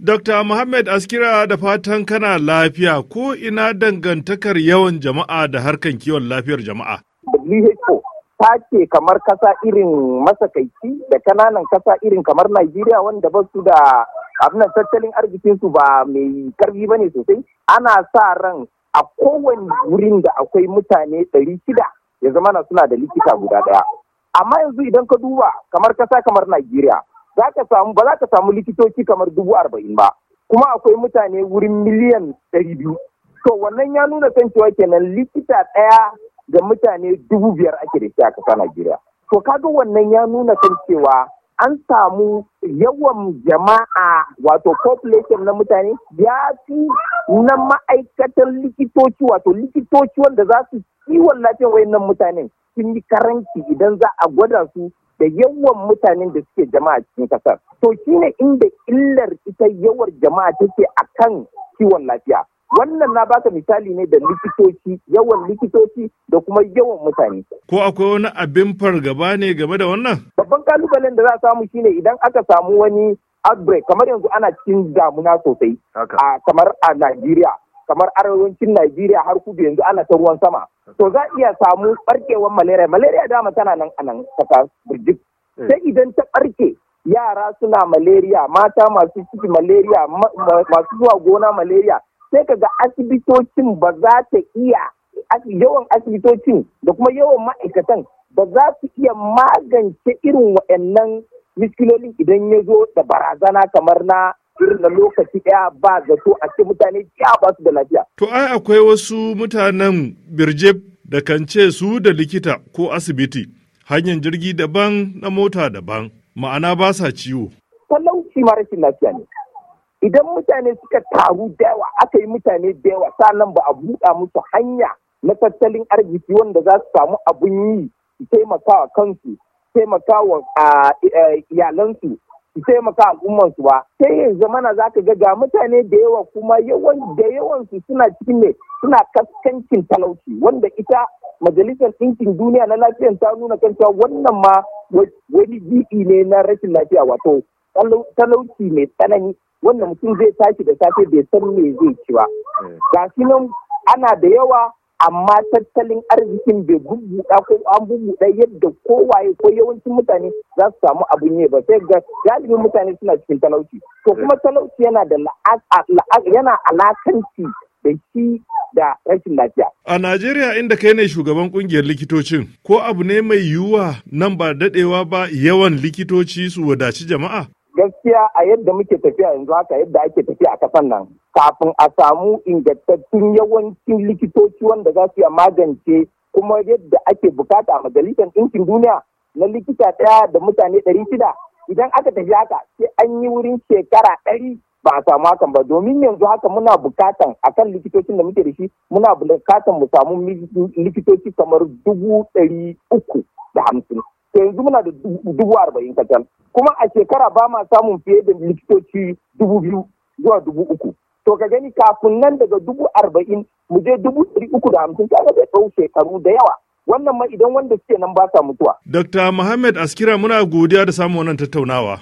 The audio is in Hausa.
Dr. Muhammad Askira da fatan kana lafiya ko ina dangantakar yawan jama'a da harkan kiwon lafiyar jama'a. WHO ta ce kamar kasa irin masakaici da kananan kasa irin kamar Najeriya wanda ba su da abin tattalin arzikinsu ba mai karfi ba ne sosai. Ana sa ran a kowane wurin da akwai mutane ɗari shida ya zama na suna da likita guda ɗaya. Amma yanzu idan ka duba kamar kasa kamar Najeriya za ka samu ba za ka samu likitoci kamar dubu arba'in ba kuma akwai mutane wurin miliyan ɗari biyu to wannan ya nuna kan cewa kenan likita ɗaya ga mutane dubu biyar ake da shi a ƙasa Najeriya to kaga wannan ya nuna kan cewa an samu yawan jama'a wato population na mutane ya fi na ma'aikatan likitoci wato likitoci wanda za su kiwon lafiyar wayannan mutanen sun yi karanci idan za a gwada su da yawan mutanen da suke jama'a cikin kasar to shine inda illar ita yawar jama'a take a kan kiwon lafiya wannan na baka misali ne da likitoci yawan likitoci da kuma yawan mutane ko akwai wani abin fargaba ne game da wannan babban kalubalen da za a samu shine idan aka samu wani outbreak kamar yanzu ana cikin damuna sosai a kamar a Najeriya kamar arewacin Najeriya har kudu yanzu ana ta ruwan sama to za iya samu barkewar malaria malaria dama tana nan a nan kasa burjik eh. sai idan ta barke yara suna malaria mata masu ciki malaria masu zuwa gona malaria sai kaga asibitocin ba za ta iya yawan asibitocin da kuma yawan ma'aikatan ba za su iya magance irin waɗannan miskiloli idan ya zo da barazana kamar na na lokaci ɗaya ba zato a ce mutane ya ba su da lafiya. To ai akwai wasu mutanen birjib da kan ce su da likita ko asibiti hanyar jirgi daban na mota daban ma'ana ba sa ciwo. Talauci ma rashin lafiya ne. Idan mutane suka taru da yawa aka yi mutane da yawa nan ba a buɗa musu hanya na tattalin arziki wanda za su samu abun yi su taimaka kansu taimaka wa iyalansu taimaka al'ummansu ba sai yin zamana za ka ga mutane da yawa kuma yawan da yawansu suna cikin ne suna kaskancin talauci wanda ita majalisar ɗinkin duniya na lafiyar ta nuna kanta wannan ma wani bi'i ne na rashin lafiya wato talauci mai tsanani wannan mutum zai tashi da safe bai san me zai ci ba eh. ga nan ana da yawa amma tattalin arzikin bai gugguɗa ko an gugguɗa yadda kowaye ko yawancin mutane za su samu abin yi ba sai ga galibin mutane suna cikin talauci to kuma talauci yana da yana alakanci da shi da rashin lafiya. A Najeriya inda kai ne shugaban kungiyar likitocin, ko abu ne mai yiwuwa nan ba dadewa ba yawan likitoci su wadaci jama'a? Gaskiya a yadda muke tafiya yanzu haka yadda ake tafiya a kasan nan kafin a samu ingantattun yawancin likitoci wanda za su iya magance kuma yadda ake bukata a majalisar ɗinkin duniya na likita ɗaya da mutane ɗari shida idan aka tafi haka sai an yi wurin shekara ɗari ba a samu hakan ba domin yanzu haka muna bukatan akan likitocin da muke da shi muna bukatan mu samu likitoci kamar dubu ɗari uku da hamsin yanzu muna da dubu arba'in kacal kuma a shekara ba ma samun fiye da likitoci dubu biyu zuwa dubu uku to ka gani kafin nan daga dubu arba'in mu je dubu ɗari uku da hamsin ta zai ɗau shekaru da yawa wannan ma idan wanda suke nan ba sa mutuwa. Dokta Muhammad Askira muna godiya da samun wannan tattaunawa.